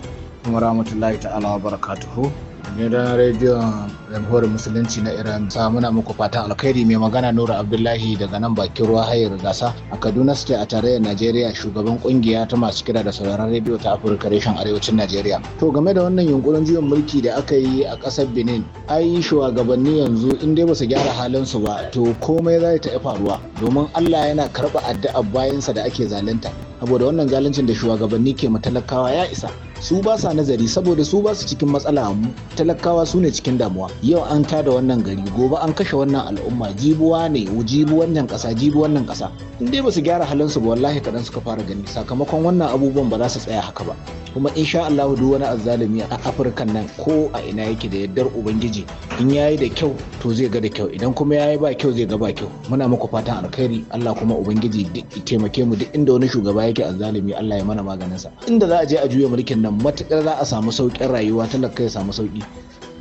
L: umar amatullahi ta'ala wa barakatuhu gidan rediyon jamhuriyar musulunci na iran sa muna muku fatan alkhairi mai magana nura abdullahi daga nan bakin ruwa hayar gasa a kaduna state a tarayyar najeriya shugaban kungiya ta masu kira da sauraron rediyo ta afirka reshen arewacin najeriya to game da wannan yunkurin juyin mulki da aka yi a kasar benin ai shugabanni yanzu in dai basu gyara halin su ba to komai za ta faruwa domin allah yana karɓa addu'a bayansa da ake zalunta saboda wannan zaluncin da shugabanni ke matalakawa ya isa su ba sa nazari saboda su ba su cikin matsala talakawa su ne cikin damuwa yau an da wannan gari gobe an kashe wannan al'umma jibuwa ne jibu wannan kasa jibu wannan kasa in dai ba su gyara halin su ba wallahi kadan suka fara gani sakamakon wannan abubuwan ba za su tsaya haka ba kuma in sha Allah duk wani azzalumi a Afirka nan ko a ina yake da yardar ubangiji in yayi da kyau to zai ga da kyau idan kuma yayi ba kyau zai ga ba kyau muna muku fatan alkhairi Allah kuma ubangiji duk taimake mu duk inda wani shugaba yake azzalumi Allah ya mana maganinsa inda za a je a juya mulkin nan nan matukar za a samu saukin rayuwa talaka ya samu sauƙi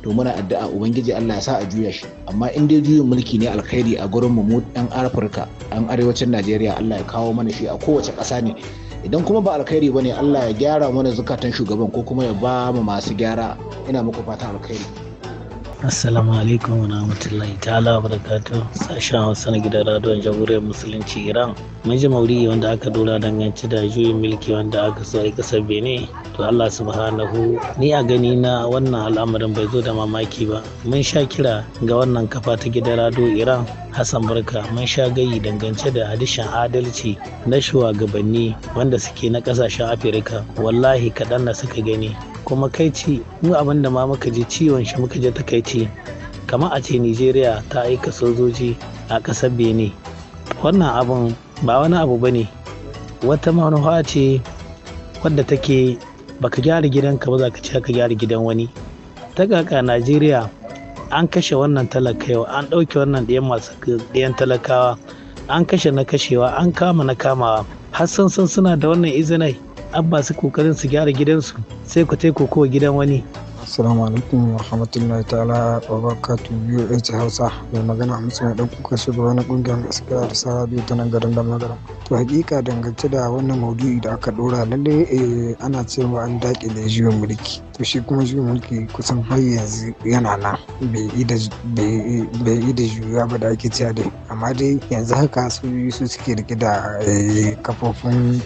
L: to muna addu'a ubangiji Allah ya sa a juya shi amma in dai juyin mulki ne alkhairi a gurin mu yan Afirka yan arewacin Najeriya Allah ya kawo mana shi a kowace ƙasa ne idan kuma ba alkhairi bane Allah ya gyara mana zukatan shugaban ko kuma ya ba mu masu gyara ina
M: muku fata alkhairi Assalamu alaikum wa rahmatullahi ta'ala wa barakatu sashen Hausa na gidan radon jamhuriyar musulunci Iran. Mun ji mauri wanda aka dora danganci da juyin mulki wanda aka so a kasar Benin. To Allah subhanahu ni a gani na wannan al'amarin bai zo da mamaki ba. Mun sha kira ga wannan kafa ta gidan rado Iran Hassan Barka mun sha gayi dangance da hadishin adalci na shugabanni wanda suke na kasashen Afirka. Wallahi kaɗan na suka gani kuma kai ci mu abin da ma muka ji ciwon shi muka ji takaici kamar a ce nigeria ta aika sojoji a ƙasar benin wannan abin ba wani abu ba ne wata manufa ce wadda take baka gyara gidanka ba za ka ce ka gyara gidan wani ta kaka najeriya an kashe wannan talakawa an ɗauke wannan ɗayan masu ɗayan talakawa an kashe na kashewa an kama na kamawa har sun suna da wannan izinai abba su kokarin su gyara gidansu sai ku taiko kowa gidan wani Assalamu
N: alaikum wa rahmatullahi ta'ala wa barakatu UH Hausa mai magana a na ɗauku ka shugaba na ƙungiyar gaskiya da sa biyu ta nan garin da magana. To hakika dangance da wannan maudu'i da aka ɗora lalle eh, ana cewa an da juyin mulki. To shi kuma juyin mulki kusan har yanzu yana nan bai yi da juya ba da ake cewa dai. Amma dai yanzu haka su su suke rike da eh, kafofin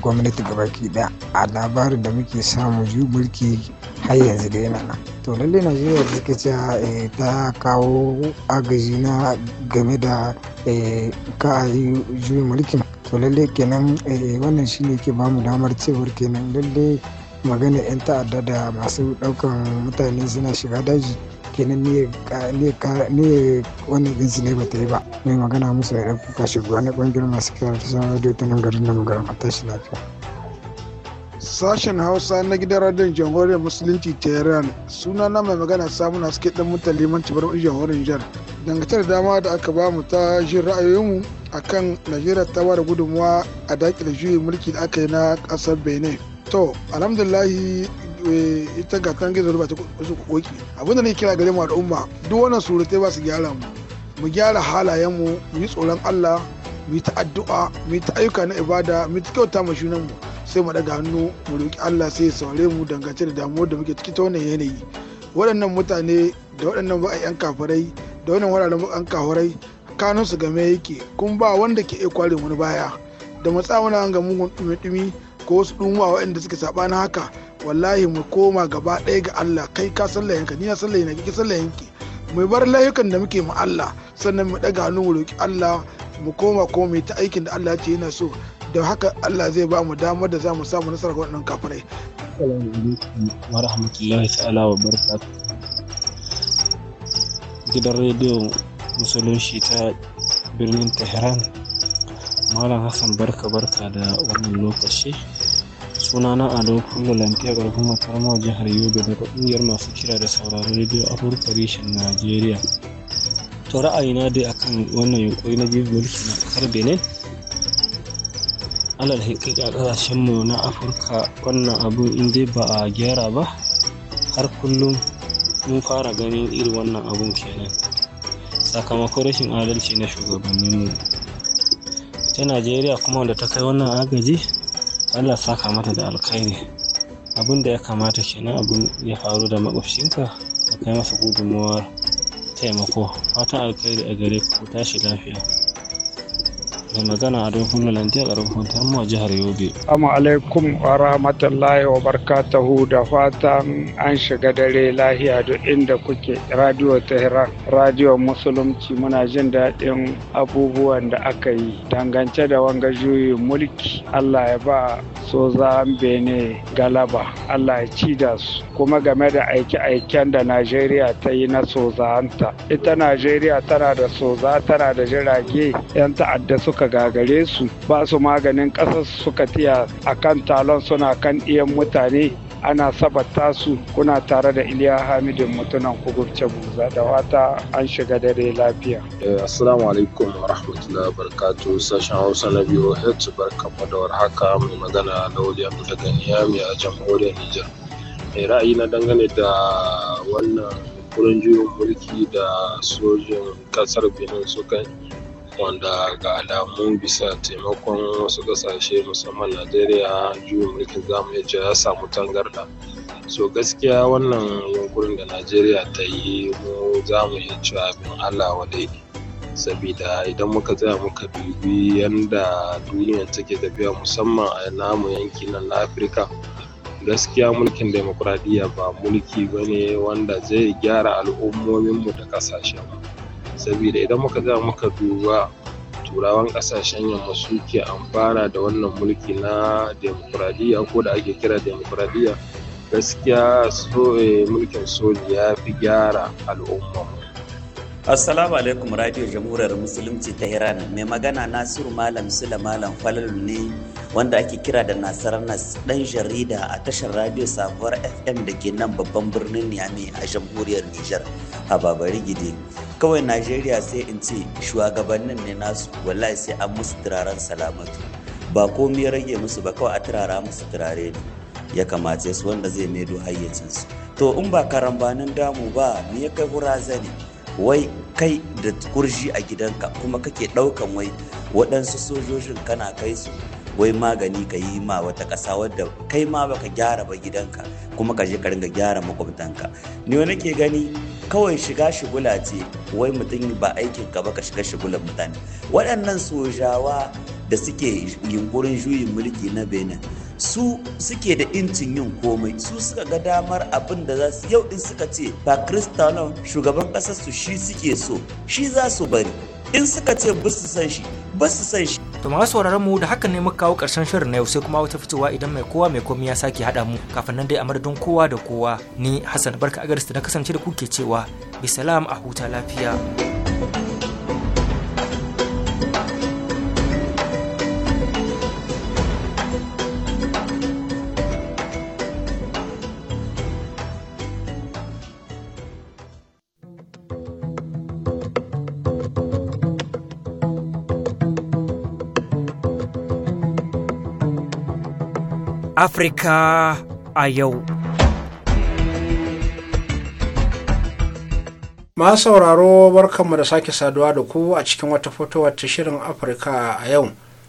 N: gwamnati gabaki ɗaya a labarin da muke samu ju mulki har yanzu da yana nan to lalle najeriya da suke cewa eh, ta kawo agaji na game da eh, ka yi mulkin to lalle kenan eh, wannan shine ke bamu damar cewar kenan lalle magana 'yan ta'adda da masu ɗaukan mutane suna shiga daji kenan ne ne wannan ɗinsu ne ba ta yi ba mai magana musu da ɗan fashi na ƙungiyar masu kira ta sanar da ta nan garin nan garin a tashi
K: lafiya.
O: Sashen Hausa na gidan radiyon jamhuriyar Musulunci Tehran suna na mai magana na suke dan mutan liman cibar jamhuriyar Nijar. Dangantar dama da aka ba mu ta jin ra'ayoyinmu akan Najeriya ta ba da gudunmawa a daƙile juyin mulki da aka yi na kasar Benin. To, alhamdulahi Eh, ita ga gizo ba ta su koki abin da ne kira gare mu al'umma duk wannan surutai ba su gyara mu mu gyara halayen mu mu yi tsoron Allah mu yi ta addu'a mu yi ta ayyuka na ibada mu yi kyauta ma shunan mu sai mu daga hannu mu roki Allah sai ya saurare mu dangance da damuwar da muke ciki ta wannan yanayi waɗannan mutane da waɗannan ba a yan kafirai da wannan wuraren ba an kafirai kanunsu game yake kun ba wanda ke iya kware wani baya da matsawa na ga mugun dumi-dumi ko wasu ɗumuwa waɗanda suke na haka wallahi mu koma gaba ɗaya ga Allah kai ka sallah yanka ni na sallah na ki sallah yanki mu bar layukan da muke mu Allah sannan mu ɗaga hannu mu roki Allah mu koma ko mu ta aikin da Allah ya ce yana so da haka Allah zai ba mu damar da za mu samu nasarar waɗannan kafirai.
E: Assalamu wa ta'ala wa Gidan rediyo musulunci ta birnin Tehran Malam Hassan barka barka da wannan lokaci. Sunana Ado Kullu Lamfiya Garkun Makarama jihar Yobe daga ƙungiyar masu kira da sauraron rediyo Afirka Reshen Najeriya. To ra'ayina dai akan wannan yunkuri na biyu mulki na kasar Benin. Alal hakika mu na Afirka wannan abu in dai ba a gyara ba har kullum mun fara ganin irin wannan abun kenan. sakamakon rashin adalci na shugabanninmu. ta najeriya kuma wanda ta kai wannan agaji allah saka mata da alkhairi abin da ya kamata kenan abin ya faru da makwabcinka ka kai masa gudunmuwar taimako fatan alkhairi a gare ku tashi lafiya mai magana a dai fulani a ƙarfin fata a jihar yobe.
C: Amma alaikum wa rahmatullahi wa barakatuhu da fatan an shiga
I: dare lahiya duk
C: inda kuke radio tehran radio musulunci muna jin
I: daɗin abubuwan da aka yi dangance da wanga juyin mulki allah ya ba soza bene galaba allah ya ci da su kuma game da
P: aike-aiken da najeriya ta yi na sozanta ita najeriya tana da soza tana da jirage 'yan ta'adda suka suka gagare su ba su maganin ƙasar suka tiya a kan talon suna kan iyan mutane ana sabata su kuna tare da iliya hamidin mutunan kugurce buza da wata an shiga dare lafiya
Q: eh, assalamu alaikum wa rahmatullahi wa barakatu sashen hausa na biyu hec barkamu da haka mai magana da wuli daga niyami a jamhuriyar nijar mai eh, ra'ayi na dangane da wannan kurin juyin mulki da sojin kasar benin suka wanda ga alamu bisa taimakon wasu kasashe musamman najeriya juyin mulkin zamu iya cewa ya samu tangarda so gaskiya wannan yunkurin da najeriya ta yi mu za mu iya cewa abin allah wadai sabida idan muka tsaya muka dubi yadda duniya take tafiya musamman a namu yanki nan na afirka gaskiya mulkin demokuraɗiyya ba mulki bane wanda zai gyara al'ummominmu da ƙasashenmu saboda idan muka ga muka duba turawan kasashen yamma suke amfana da wannan mulki na demokuraɗiyya ko da ake kira demokuraɗiyya gaskiya eh,
R: mulkin soji ya fi gyara al'umma assalamu alaikum radio jamhuriyar musulunci ta iran mai magana nasiru malam sula malam falalu ne wanda ake kira da nasarar nas dan jarida a tashar radio sabuwar fm da ke nan babban birnin niamey a jamhuriyar nijar a babari gidi kawai najeriya sai in ce shugabannin ne nasu wallahi sai an musu turaren salamatu ba komai rage musu ba kawai a turara musu turare ne ya kamace su wanda zai maido hayyacinsu to in ba karambanin damu ba me ya kai hura wai kai da kurji a gidanka kuma kake ɗaukan wai waɗansu sojojin kana kai su wai magani ka yi ma wata ƙasa wadda kai ma baka gyara ba gidanka kuma ka je ka ringa gyara makwabtanka ni wani ke gani kawai shiga shigula ce wai mutum ba aikin ka ba ka shiga shigulan mutane waɗannan sojawa da suke yunkurin juyin mulki na benin su suke da incin yin komai su suka ga damar abin da za su yau in suka ce ba kristalon shugaban ƙasar su shi suke so shi za su bari in suka ce ba su san shi ba su san shi
D: To masu sauraron mu da hakan ne muka kawo ƙarshen shirin na yau sai kuma wata fitowa idan mai kowa mai komai ya sake haɗa mu kafin nan dai a madadin kowa da kowa ni Hassan Barka da na kasance da kuke cewa salama a huta lafiya. Afirka a yau.
P: Ma sauraro barkanmu da sake saduwa da ku a cikin wata foto ta shirin Afirka a yau.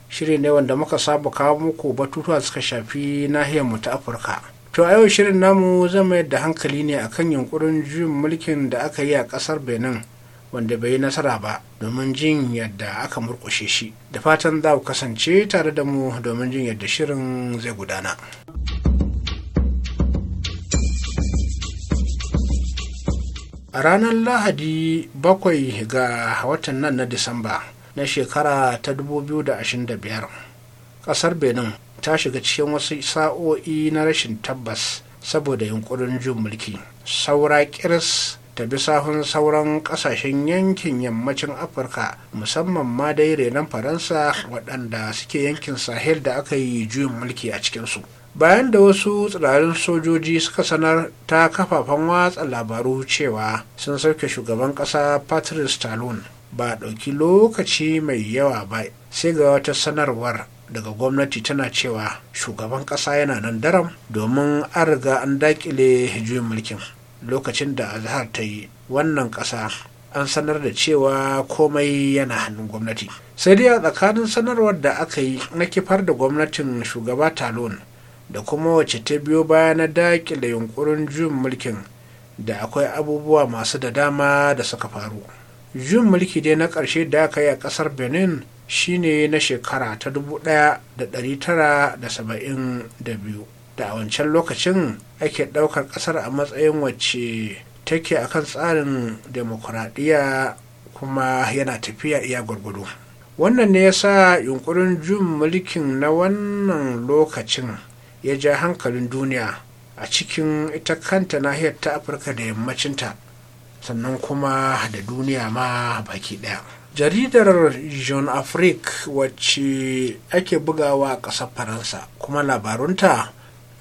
P: shirin ne wanda muka saba kawo muku batutuwa suka shafi nahiyarmu ta Afirka. To a yau shirin namu zai mayar da hankali ne akan yunkurin juyin mulkin da aka yi a ƙasar Benin. wanda bai yi nasara ba domin jin yadda aka murƙushe shi da fatan za ku kasance tare da mu domin jin yadda shirin zai gudana. a ranar lahadi bakwai ga watan nan na disamba na shekara ta 2025 kasar benin ta shiga cikin wasu sa'o'i na rashin tabbas saboda yunkurin jin mulki saura kiris ta bi sahun sauran kasashen yankin yammacin afirka musamman ma dai renon faransa waɗanda suke yankin sahel da aka yi juyin mulki a cikinsu bayan da wasu tsirarin sojoji suka sanar ta kafafen watsa labaru cewa sun sauke shugaban ƙasa patrice talon ba ɗauki lokaci mai yawa ba sai ga wata sanarwar daga gwamnati tana cewa shugaban ƙasa yana nan daram domin an riga an daƙile juyin mulkin lokacin da azhar ta yi wannan ƙasa an sanar da cewa komai yana hannun gwamnati sai dai a tsakanin sanarwar da aka yi na kifar da gwamnatin shugaba talon da kuma wace ta biyo baya na daƙile yunkurin juyin mulkin da akwai abubuwa masu da dama da suka faru juyin mulki dai na ƙarshe da aka yi a ƙasar benin shine na shekara ta 1972 da a wancan lokacin ake ɗaukar ƙasar a matsayin wacce take a kan tsarin demokuraɗiyya kuma yana tafiya iya gwargwado wannan ne ya sa yunkurin jin mulkin na wannan lokacin ya ja hankalin duniya a cikin ita kanta nahiyar ta afirka da yammacinta sannan kuma da duniya ma baki ɗaya jaridar jean afrique wacce ake bugawa a ƙasar faransa kuma labarunta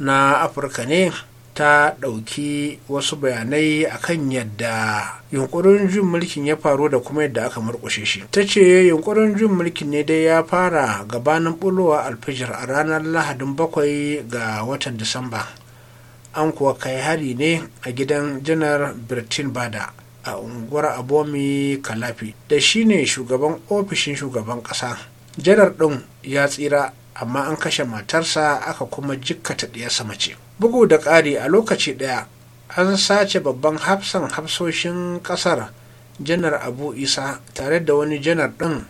P: na afirka ne ta ɗauki wasu bayanai akan yadda yunkurin jin mulkin ya faru da kuma yadda aka murkushe shi ta ce yunkurin jin mulkin ne dai ya fara gabanin bulowa alfijir a ranar lahadin bakwai ga watan disamba an kuwa kai hari ne a gidan janar birtin bada a unguwar abomi kalafi da shi ne shugaban ofishin shugaban ƙasa janar ɗin ya tsira amma an kashe matarsa aka kuma jikkata ɗiyarsa mace bugu da ƙari a lokaci ɗaya an sace babban hafsan hafsoshin ƙasar janar abu isa tare da wani janar ɗin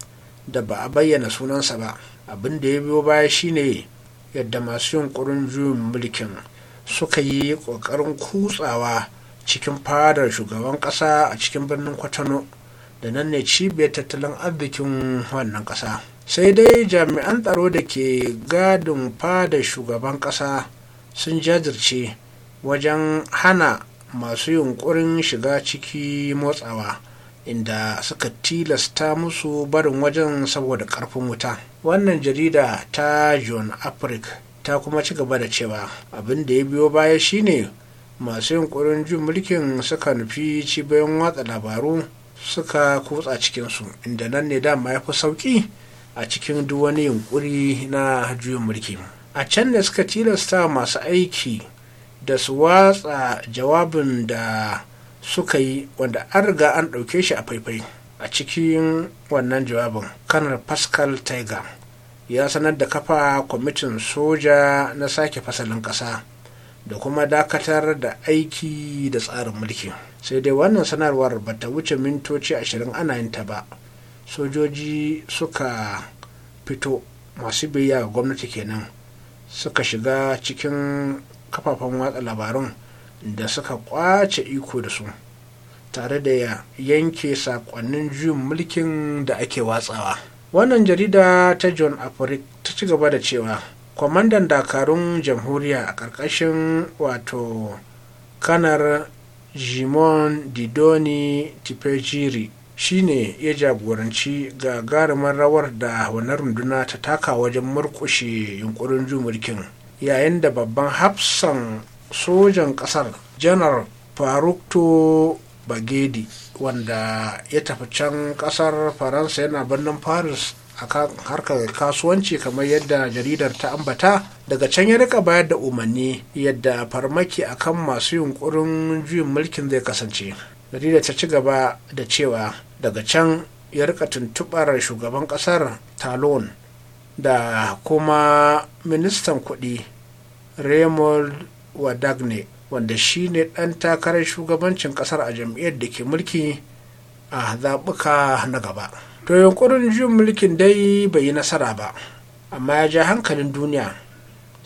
P: da ba a bayyana sunansa ba abin da ya biyo baya shine yadda masu yunkurin juyin mulkin suka yi ƙoƙarin kutsawa cikin fadar shugaban ƙasa a cikin birnin kwatano da nan ne cibiyar tattalin arzikin wannan ƙasa sai dai jami'an tsaro da ke gadin fada shugaban ƙasa sun jajirce wajen hana masu yunkurin shiga ciki motsawa inda suka tilasta musu barin wajen saboda ƙarfin wuta wannan jarida ta john afrik ta kuma ci gaba da cewa abin da ya biyo baya shine masu yunkurin jin mulkin suka nufi cibiyoyin watsa labaru suka kutsa cikinsu inda nan ne dama ya fi sauƙi a cikin duk wani yunkuri na juyin mulki a can da suka tilasta masu aiki da su watsa jawabin da suka yi wanda an riga an ɗauke shi a faifai a cikin wannan jawabin kanar pascal tiger ya sanar da kafa kwamitin soja na sake fasalin ƙasa da kuma dakatar da aiki da tsarin mulki sai dai wannan sanarwar ba ta wuce mintoci ashirin ana yin ta ba sojoji suka fito masu biya ga gwamnati kenan suka shiga cikin kafafen watsa labarun da suka kwace iko da su tare da yanke sakonnin juyin mulkin da ake watsawa wannan jarida ta john afrik ta ci gaba da cewa kwamandan dakarun jamhuriya a ƙarƙashin wato kanar jimon didoni tipejiri shine ya jagoranci gagarumin rawar da wannan runduna ta taka wajen murkushe yunkurin ju mulkin yayin da babban hafsan sojan kasar janar farukto bagedi wanda ya tafi can kasar faransa yana birnin paris a kan harkar kasuwanci kamar yadda jaridar ta ambata daga can ya rika bayar da umarni yadda farmaki akan masu yunkurin juyin mulkin zai kasance jaridar ta ci gaba da cewa daga can ya rika tuntubar shugaban kasar talon da kuma ministan kudi raymond wadagne wanda shi ne ɗan takarar shugabancin ƙasar a jam'iyyar da ke mulki a zaɓuka na gaba to yunkurin jin mulkin dai bai yi nasara ba amma ya ja hankalin duniya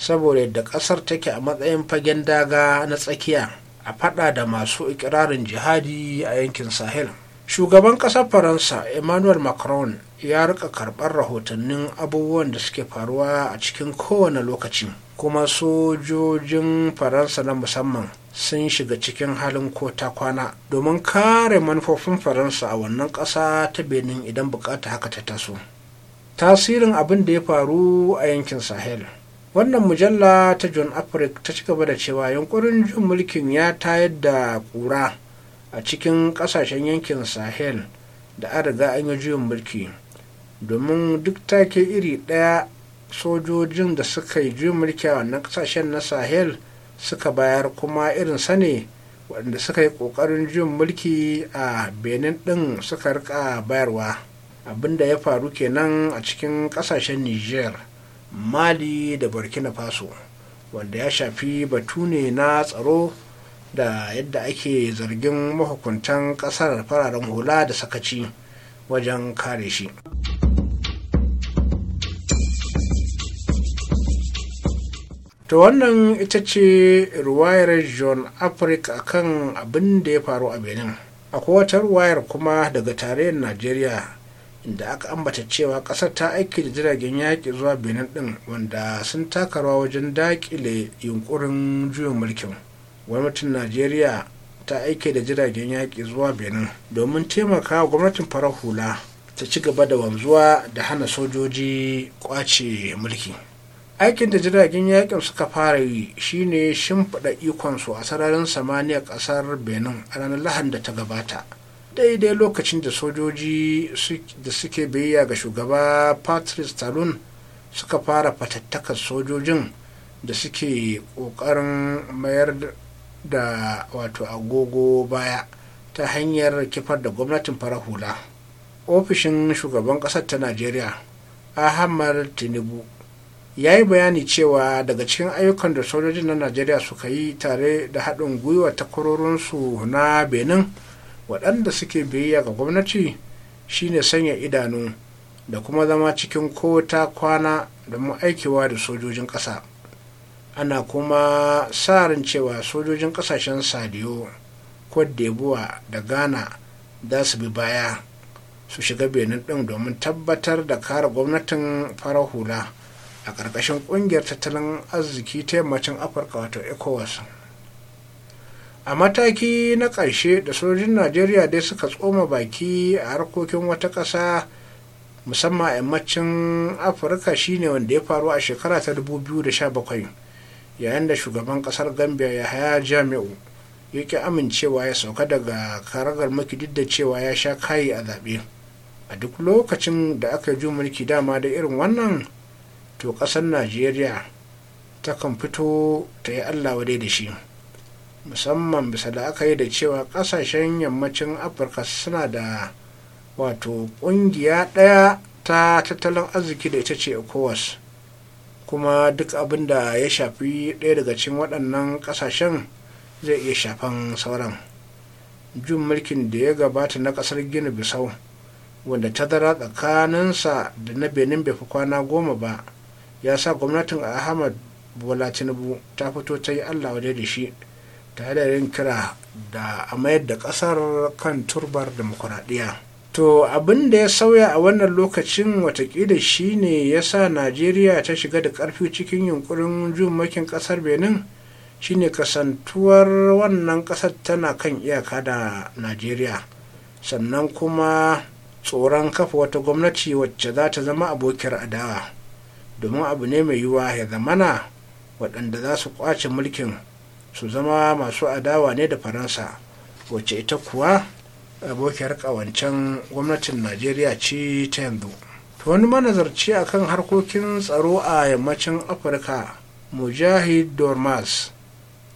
P: saboda yadda ƙasar take a matsayin fagen daga na tsakiya a fada da masu ikirarin jihadi a yankin sahel shugaban ƙasar faransa emmanuel macron ya rika karɓar rahotannin abubuwan da suke faruwa a cikin kowane lokaci kuma sojojin faransa na musamman sun shiga cikin halin ko ta kwana domin kare manufofin faransa a wannan ƙasa ta benin idan bukata haka ta taso tasirin abin da ya faru a yankin sahel wannan mujalla ta john africa ta ci gaba da cewa yunkurin jin mulkin ya tayar da ƙura. a cikin kasashen yankin sahel da a riga an yi juyin mulki domin duk take iri ɗaya sojojin da suka yi juyin mulki a wannan kasashen na sahel suka bayar kuma irin sane waɗanda suka yi ƙoƙarin juyin mulki a benin ɗin suka rika bayarwa abin da ya faru kenan a cikin ƙasashen niger mali da burkina faso wanda ya shafi batu ne na tsaro da yadda ake zargin mahukuntan kasar fararen hula da sakaci wajen kare shi ta wannan ita ce ruwayar john africa akan abin da ya faru a benin akwai wata ruwayar kuma daga tarayyar najeriya inda aka ambata cewa ƙasar ta aiki da jiragen yaƙi zuwa benin ɗin wanda sun taka rawa wajen daƙile yunkurin juyin mulkin gwamnatin najeriya ta aike da jiragen yaƙi zuwa benin domin taimaka gwamnatin farar hula ta ci gaba da wanzuwa da hana sojoji ƙwace mulki aikin da jiragen yaƙin suka fara yi shine shimfiɗa ikonsu a sararin samaniya ƙasar benin a ranar lahan da ta gabata daidai lokacin da sojoji da suke biyayya ga shugaba patrice talon suka fara fatattakar sojojin da suke ƙoƙarin mayar da wato agogo baya ta hanyar kifar da gwamnatin fara hula ofishin shugaban ƙasar ta najeriya ahmad tinubu ya yi bayani cewa daga cikin ayyukan da sojojin na najeriya suka yi tare da haɗin gwiwa ta su na benin waɗanda suke biyayya ga gwamnati shine sanya idanu da kuma zama cikin kota kwana da mu aikewa da sojojin ƙasa ana kuma sa ran cewa sojojin kasashen sadiyo d'Ivoire da ghana za su bi baya su shiga benin ɗin domin tabbatar da kare gwamnatin farar hula a ƙarƙashin ƙungiyar tattalin arziki ta yammacin afirka wato ecowas a mataki na ƙarshe da sojojin najeriya dai suka tsoma baki a harkokin wata ƙasa musamman a yammacin afirka shine wanda ya faru a shekara ta 2017 yayin da shugaban kasar gambia ya haya jami'u ki amincewa ya sauka daga karagar maki da cewa ya sha kayi a zaɓe a duk lokacin da aka yi mulki dama da irin wannan to ƙasar najeriya kan fito ta yi allah wadai da shi musamman bisa da aka yi da cewa ƙasashen yammacin afirka suna da wato ƙungiya ɗaya ta tattalin arziki da ita ce ecowas kuma duk abin da ya shafi ɗaya daga cikin waɗannan ƙasashen zai iya shafan sauran jin mulkin da ya gabata na ƙasar gini bisau wanda ta dara tsakaninsa da na benin bai fi kwana goma ba ya sa gwamnatin ahmad bola tinubu ta fito ta yi allah waje da shi tare da yin kira da a mayar da ƙasar kan turbar demokuraɗiyya to abin da ya sauya a wannan lokacin watakila shine ya sa najeriya ta shiga da karfi cikin yunkurin makin kasar benin shine kasantuwar wannan kasar tana kan iyaka da najeriya sannan kuma tsoron kafa wata gwamnati wacce za ta zama abokiyar adawa domin abu ne mai yiwuwa ya zamana waɗanda za su kwace mulkin su zama masu adawa ne da faransa wacce ita kuwa abokiyar kawancen gwamnatin najeriya ce ta yanzu Ta wani manazarci a kan harkokin tsaro a yammacin afirka mujahid dormas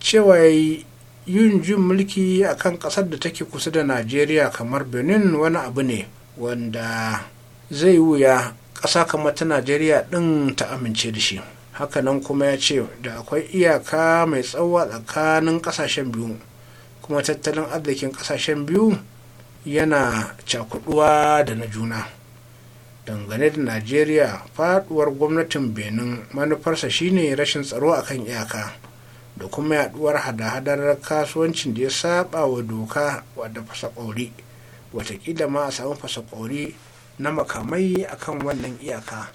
P: cewa yin jin mulki a kan ƙasar da take kusa da najeriya kamar benin wani abu ne wanda zai wuya ƙasa kamar ta najeriya ɗin ta amince da shi hakanan kuma ya ce da akwai iyaka mai tsawo tsakanin ƙasashen biyu kuma tattalin arzikin ƙasashen biyu yana cakuduwa da na juna dangane da najeriya faduwar gwamnatin benin manufarsa shine rashin tsaro a kan iyaka da kuma yaduwar hada-hadar kasuwancin da ya saba wa doka wadda fasakori watakila ma a samu fasakori na makamai akan wannan iyaka.